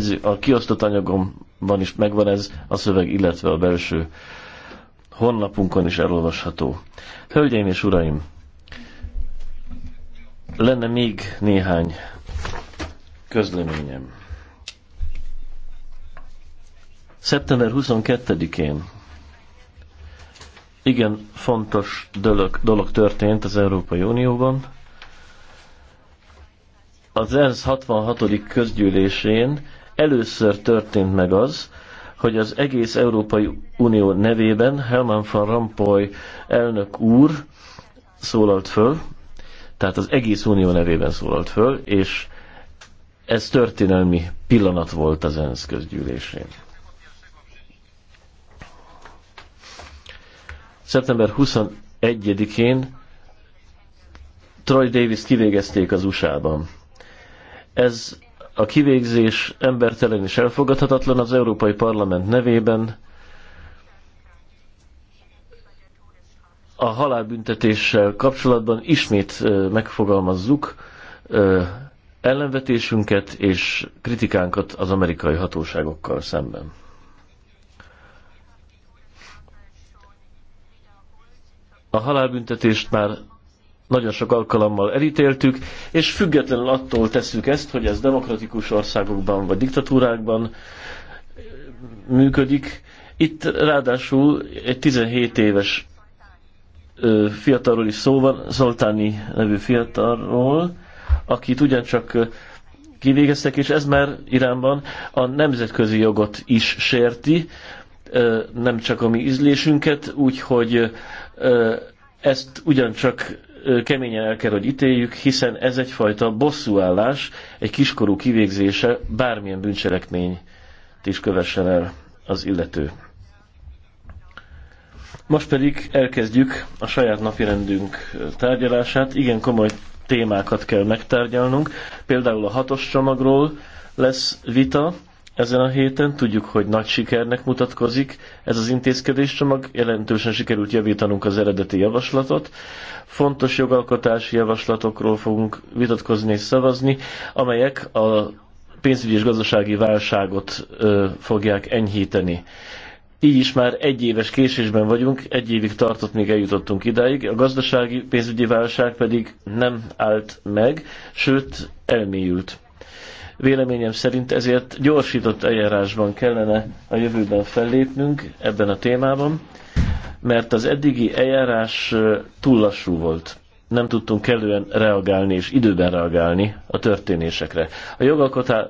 ez a kiosztott anyagomban is megvan ez, a szöveg, illetve a belső honlapunkon is elolvasható. Hölgyeim és uraim, lenne még néhány közleményem. Szeptember 22-én igen fontos dolog, dolog történt az Európai Unióban. Az ENSZ 66. közgyűlésén először történt meg az, hogy az egész Európai Unió nevében Helman van Rompuy elnök úr szólalt föl, tehát az egész Unió nevében szólalt föl, és ez történelmi pillanat volt az ENSZ közgyűlésén. Szeptember 21-én Troy Davis kivégezték az USA-ban. Ez a kivégzés embertelen és elfogadhatatlan az Európai Parlament nevében. A halálbüntetéssel kapcsolatban ismét megfogalmazzuk ellenvetésünket és kritikánkat az amerikai hatóságokkal szemben. A halálbüntetést már nagyon sok alkalommal elítéltük, és függetlenül attól tesszük ezt, hogy ez demokratikus országokban vagy diktatúrákban eh, működik. Itt ráadásul egy 17 éves fiatalról is szó van, Zoltáni nevű fiatalról, akit ugyancsak kivégeztek, és ez már Iránban a nemzetközi jogot is sérti, nem csak a mi ízlésünket, úgyhogy ezt ugyancsak keményen el kell, hogy ítéljük, hiszen ez egyfajta bosszúállás, egy kiskorú kivégzése, bármilyen bűncselekményt is kövessen el az illető. Most pedig elkezdjük a saját napirendünk tárgyalását. Igen komoly témákat kell megtárgyalnunk. Például a hatos csomagról lesz vita, ezen a héten. Tudjuk, hogy nagy sikernek mutatkozik ez az intézkedéscsomag, jelentősen sikerült javítanunk az eredeti javaslatot. Fontos jogalkotási javaslatokról fogunk vitatkozni és szavazni, amelyek a pénzügyi és gazdasági válságot ö, fogják enyhíteni. Így is már egy éves késésben vagyunk, egy évig tartott, még eljutottunk idáig, a gazdasági pénzügyi válság pedig nem állt meg, sőt elmélyült Véleményem szerint ezért gyorsított eljárásban kellene a jövőben fellépnünk ebben a témában, mert az eddigi eljárás túl lassú volt. Nem tudtunk kellően reagálni és időben reagálni a történésekre. A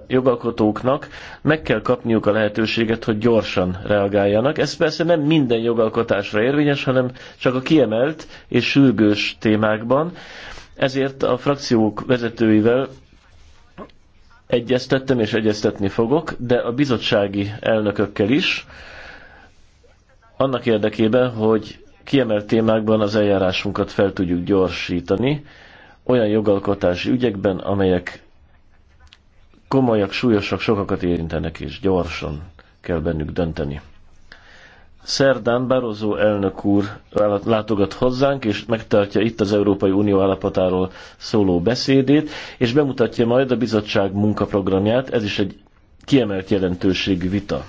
jogalkotóknak meg kell kapniuk a lehetőséget, hogy gyorsan reagáljanak. Ez persze nem minden jogalkotásra érvényes, hanem csak a kiemelt és sürgős témákban. Ezért a frakciók vezetőivel egyeztettem és egyeztetni fogok, de a bizottsági elnökökkel is, annak érdekében, hogy kiemelt témákban az eljárásunkat fel tudjuk gyorsítani, olyan jogalkotási ügyekben, amelyek komolyak, súlyosak, sokakat érintenek, és gyorsan kell bennük dönteni. Szerdán Barozó elnök úr látogat hozzánk, és megtartja itt az Európai Unió állapotáról szóló beszédét, és bemutatja majd a bizottság munkaprogramját, ez is egy kiemelt jelentőségű vita.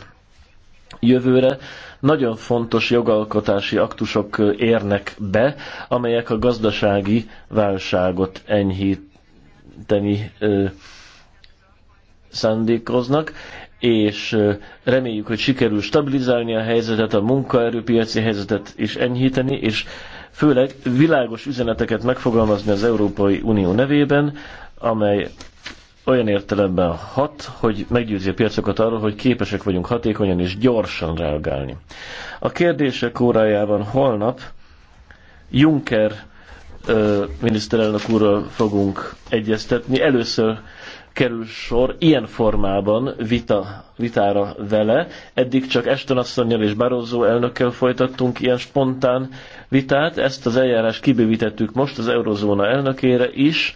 Jövőre nagyon fontos jogalkotási aktusok érnek be, amelyek a gazdasági válságot enyhíteni ö, szándékoznak, és reméljük, hogy sikerül stabilizálni a helyzetet, a munkaerőpiaci helyzetet is enyhíteni, és főleg világos üzeneteket megfogalmazni az Európai Unió nevében, amely olyan értelemben hat, hogy meggyőzi a piacokat arról, hogy képesek vagyunk hatékonyan és gyorsan reagálni. A kérdések órájában holnap Juncker miniszterelnök úrral fogunk egyeztetni. Először kerül sor ilyen formában vita, vitára vele. Eddig csak Eston asszonynal és Barozó elnökkel folytattunk ilyen spontán vitát. Ezt az eljárás kibővítettük most az eurozóna elnökére is,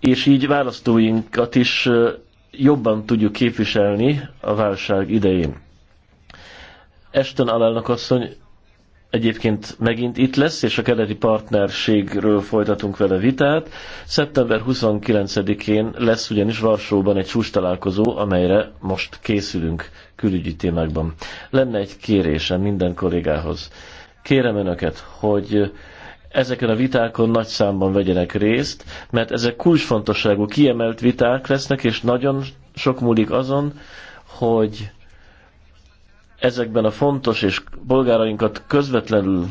és így választóinkat is jobban tudjuk képviselni a válság idején. Eston alelnök asszony egyébként megint itt lesz, és a keleti partnerségről folytatunk vele vitát. Szeptember 29-én lesz ugyanis Varsóban egy csúcs találkozó, amelyre most készülünk külügyi témákban. Lenne egy kérésem minden kollégához. Kérem önöket, hogy ezeken a vitákon nagy számban vegyenek részt, mert ezek kulcsfontosságú kiemelt viták lesznek, és nagyon sok múlik azon, hogy ezekben a fontos és polgárainkat közvetlenül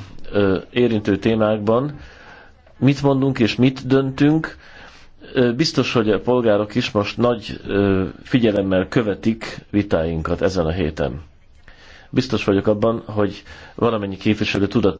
érintő témákban mit mondunk és mit döntünk. Biztos, hogy a polgárok is most nagy figyelemmel követik vitáinkat ezen a héten. Biztos vagyok abban, hogy valamennyi képviselő tudat